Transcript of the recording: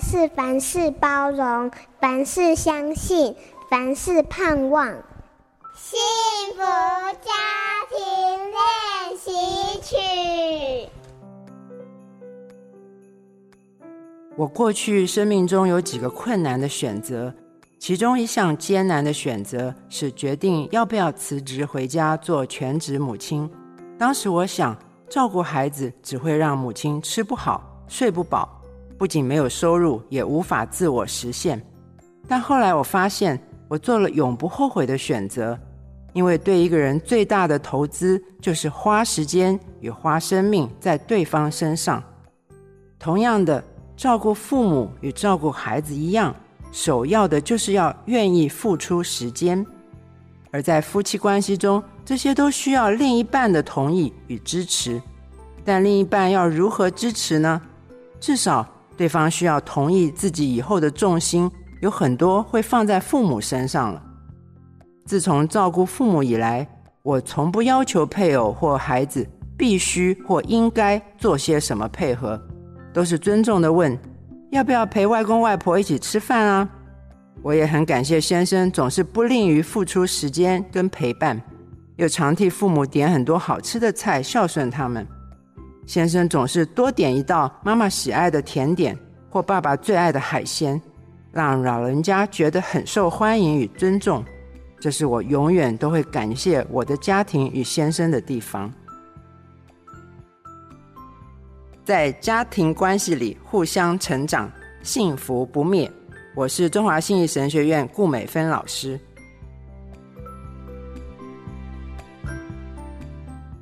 是凡事包容，凡事相信，凡事盼望。幸福家庭練習曲。我過去生命中有幾個困難的選擇，其中一項艱難的選擇是決定要不要辭職回家做全職母親。當時我想，照顧孩子只會讓母親吃不好、睡不飽。不僅沒有收入，也無法自我實現。但後來我發現，我做了永不後悔的選擇，因為對一個人最大的投資就是花時間與花生命在對方身上。同樣的，照顧父母與照顧孩子一樣，首要的就是要願意付出時間。而在夫妻關係中，這些都需要另一半的同意與支持。但另一半要如何支持呢？至少，對方需要同意自己以後的重心有很多會放在父母身上了。自從照顧父母以來，我從不要求配偶或孩子必須或應該做些什麼配合，都是尊重地問要不要陪外公外婆一起吃飯啊？我也很感謝先生總是不吝於付出時間跟陪伴，又常替父母點很多好吃的菜，孝順他們。先生總是多點一道媽媽喜愛的甜點或爸爸最愛的海鮮，讓老人家覺得很受歡迎與尊重。這是我永遠都會感謝我的家庭與先生的地方。在家庭關係裡互相成長，幸福不滅。我是中華信義神學院顧美芬老師。